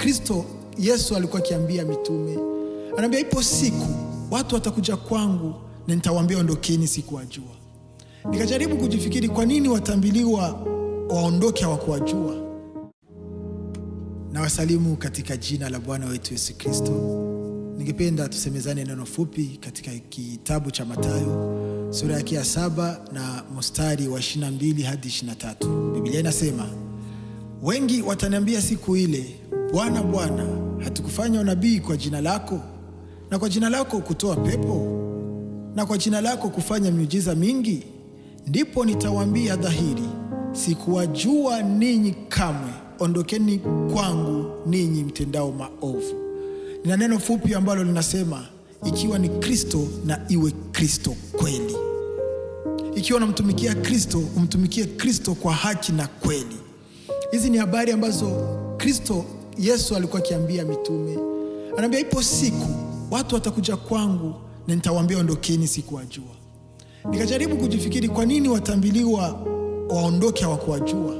Kristo Yesu alikuwa akiambia mitume, anaambia ipo siku watu watakuja kwangu na nitawaambia ondokeni, sikuwajua. Nikajaribu kujifikiri kwa nini watambiliwa waondoke hawakuwajua. Na wasalimu katika jina la Bwana wetu Yesu Kristo. Ningependa tusemezane neno fupi katika kitabu cha Mathayo sura yake ya saba na mstari wa 22 hadi 23. Biblia inasema wengi wataniambia siku ile Bwana, Bwana, hatukufanya unabii kwa jina lako, na kwa jina lako kutoa pepo, na kwa jina lako kufanya miujiza mingi? Ndipo nitawaambia dhahiri, sikuwajua ninyi kamwe, ondokeni kwangu ninyi mtendao maovu. Nina neno fupi ambalo linasema ikiwa ni Kristo na iwe Kristo kweli. Ikiwa unamtumikia Kristo, umtumikie Kristo kwa haki na kweli. Hizi ni habari ambazo Kristo Yesu alikuwa akiambia mitume, anaambia ipo siku watu watakuja kwangu na nitawaambia ondokeni, sikuwajua. Nikajaribu kujifikiri kwa nini watambiliwa waondoke hawakuwajua.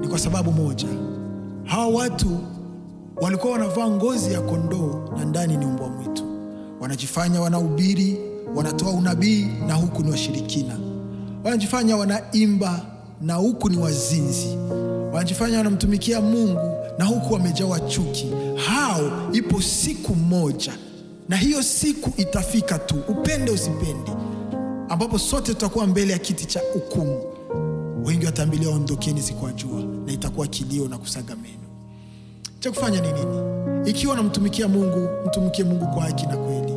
Ni kwa sababu moja, hawa watu walikuwa wanavaa ngozi ya kondoo na ndani ni mbwa mwitu, wanajifanya wanahubiri, wanatoa unabii na huku ni washirikina, wanajifanya wanaimba na huku ni wazinzi, wanajifanya wanamtumikia Mungu na huku wamejawa chuki. Hao ipo siku moja, na hiyo siku itafika tu, upende usipende, ambapo sote tutakuwa mbele ya kiti cha hukumu. Wengi wataambilia ondokeni siku ya jua, na itakuwa kilio na kusaga meno. Cha kufanya ni nini? Ikiwa namtumikia Mungu, mtumikie Mungu kwa haki na kweli.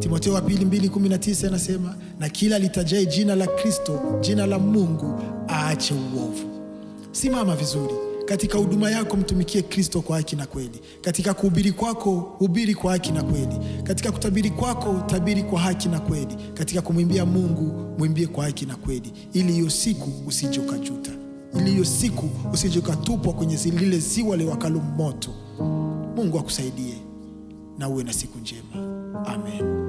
Timotheo wa pili 2:19 anasema, na kila litajai jina la Kristo, jina la Mungu, aache uovu. Simama vizuri. Katika huduma yako mtumikie Kristo kwa haki na kweli. Katika kuhubiri kwako hubiri kwa haki na kweli. Katika kutabiri kwako tabiri kwa haki na kweli. Katika kumwimbia Mungu mwimbie kwa haki na kweli, ili hiyo siku usije ukajuta, ili hiyo siku usije ukatupwa kwenye lile ziwa liwakalo moto. Mungu akusaidie na uwe na siku njema. Amen.